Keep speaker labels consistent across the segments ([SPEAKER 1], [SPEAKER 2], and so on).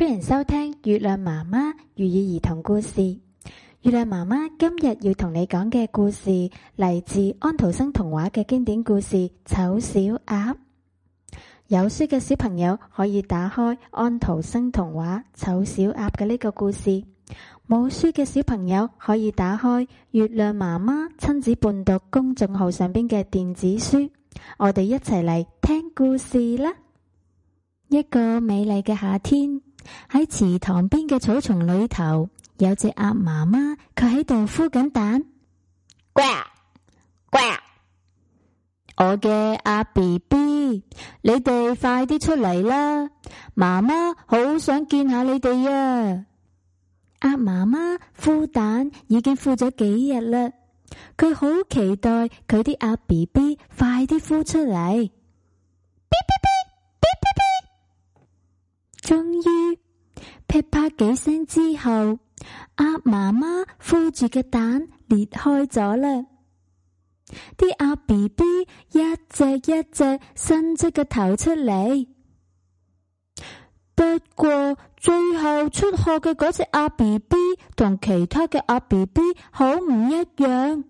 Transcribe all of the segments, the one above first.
[SPEAKER 1] 歡迎收聽月亮媽媽寓言兒童故事。月亮媽媽今日要同你講嘅故事嚟自安徒生童話嘅經典故事《醜小鴨》。有書嘅小朋友可以打開安徒生童話《醜小鴨》嘅呢個故事；冇書嘅小朋友可以打開月亮媽媽親子伴讀公眾號上邊嘅電子書。我哋一齊嚟聽故事啦！一個美麗嘅夏天。喺池塘邊嘅草叢裏頭，有隻鴨媽媽，佢喺度孵緊蛋。「呱呱！呃、呃、我嘅鴨 B B，你哋快啲出嚟啦！媽媽好想見下你哋啊！」鴨媽媽孵蛋已經孵咗幾日啦，佢好期待佢啲鴨 B B 快啲孵出嚟。終於噼啪幾聲之後，鴨媽媽孵住嘅蛋裂開咗啦，啲鴨 B B 一隻一隻伸出嘅頭出嚟。不過最後出殼嘅嗰隻鴨 B B 同其他嘅鴨 B B 好唔一樣，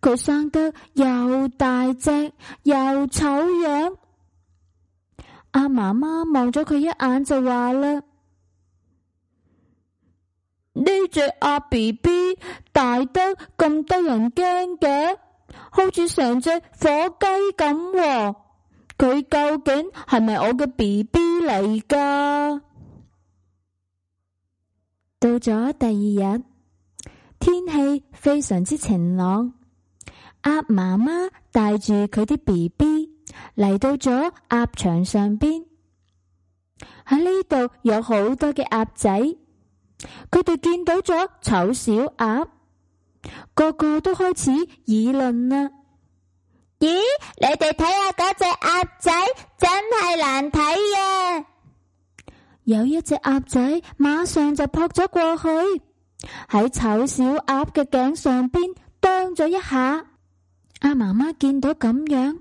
[SPEAKER 1] 佢生得又大隻又醜樣。阿、啊、媽媽望咗佢一眼就話啦：呢隻阿、啊、B B 大得咁得人驚嘅，好似成隻火雞咁、哦。佢究竟係咪我嘅 B B 嚟噶？到咗第二日，天氣非常之晴朗，阿、啊、媽媽帶住佢啲 B B。嚟到咗鴨場上邊，喺呢度有好多嘅鴨仔，佢哋見到咗醜小鴨，個個都開始議論啦。咦，你哋睇下嗰隻鴨仔真係難睇呀！有一隻鴨仔馬上就撲咗過去，喺醜小鴨嘅頸上邊啄咗一下。鴨媽媽見到咁樣。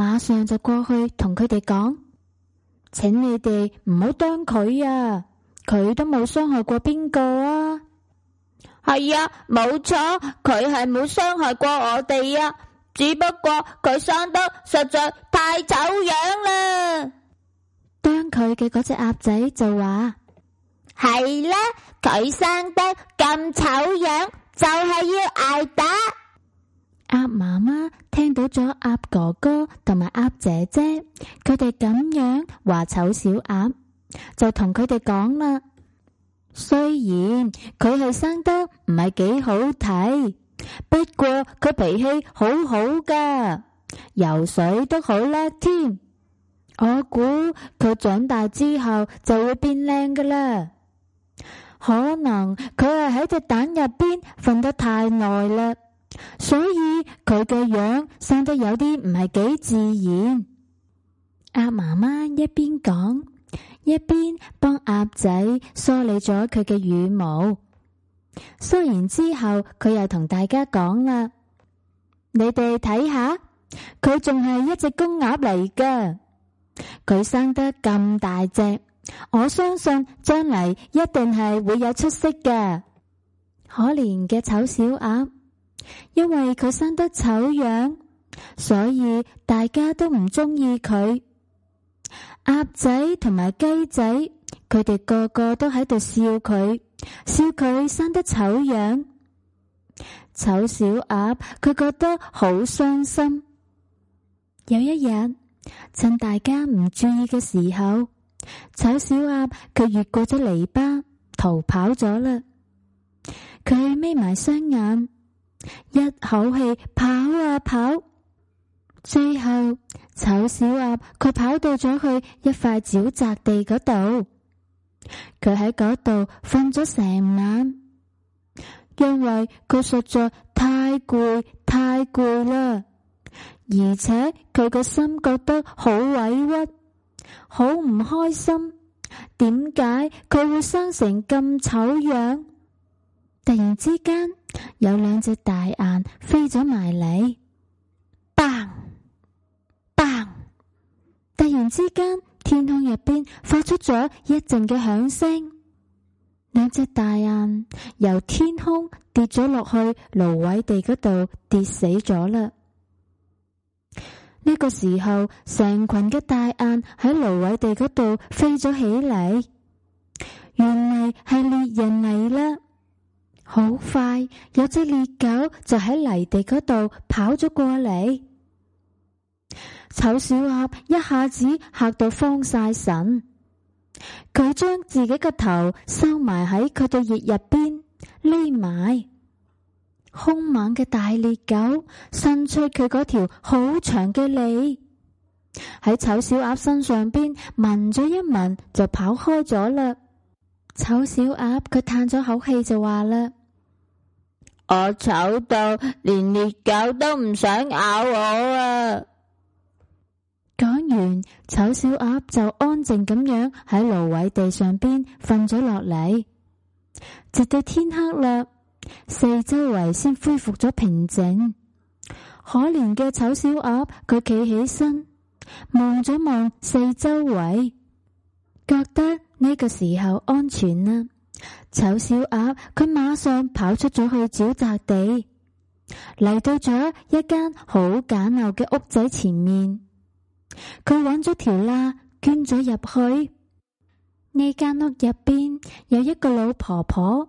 [SPEAKER 1] 馬上就過去同佢哋講，請你哋唔好當佢啊，佢都冇傷害過邊個啊。係啊，冇錯，佢係冇傷害過我哋呀、啊，只不過佢生得實在太醜樣啦。當佢嘅嗰隻鴨仔就話：係啦、啊，佢生得咁醜樣，就係、是、要挨打。鴨媽媽聽到咗鴨哥哥同埋鴨姐姐，佢哋咁樣話醜小鴨，就同佢哋講啦。雖然佢係生得唔係幾好睇，不過佢脾氣好好噶游水都好叻添。我估佢長大之後就會變靚噶啦。可能佢係喺隻蛋入邊瞓得太耐啦。所以佢嘅樣生得有啲唔係幾自然。鴨媽媽一邊講，一邊幫鴨仔梳理咗佢嘅羽毛。梳完之後，佢又同大家講啦：你哋睇下，佢仲係一隻公鴨嚟噶。佢生得咁大隻，我相信將來一定係會有出息嘅。可憐嘅醜小鴨。因為佢生得醜樣，所以大家都唔中意佢。鴨仔同埋雞仔，佢哋個個都喺度笑佢，笑佢生得醜樣。醜小鴨佢覺得好傷心。有一日，趁大家唔注意嘅時候，醜小鴨佢越過咗籬笆，逃跑咗啦。佢眯埋雙眼。一口氣跑啊跑，最後醜小鴨佢跑到咗去一塊沼澤地嗰度，佢喺嗰度瞓咗成晚，因為佢實在太攰太攰啦，而且佢個心覺得好委屈，好唔開心。點解佢會生成咁醜樣？突然之間。有兩隻大雁飛咗埋嚟嘭嘭！突然之間，天空入邊發出咗一陣嘅響聲，兩隻大雁由天空跌咗落去蘆葦地嗰度跌死咗啦。呢個時候，成群嘅大雁喺蘆葦地嗰度飛咗起嚟，原來係獵人嚟啦。好快，有隻獵狗就喺泥地嗰度跑咗過嚟。醜小鴨一下子嚇到慌晒神，佢將自己個頭收埋喺佢嘅翼入邊匿埋。凶猛嘅大獵狗伸出佢嗰條好長嘅脷，喺醜小鴨身上邊聞咗一聞，就跑開咗嘞。醜小鴨佢嘆咗口氣就話啦。我醜到連獵狗都唔想咬我啊！講完，醜小鴨就安靜咁樣喺蘆葦地上邊瞓咗落嚟，直到天黑啦，四周圍先恢復咗平靜。可憐嘅醜小鴨，佢企起身望咗望四周圍，覺得呢個時候安全啦。醜小鴨佢馬上跑出咗去沼澤地，嚟到咗一間好簡陋嘅屋仔前面，佢揾咗條罅，捐咗入去。呢間屋入邊有一個老婆婆，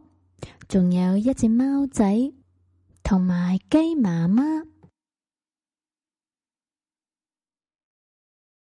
[SPEAKER 1] 仲有一隻貓仔同埋雞媽媽。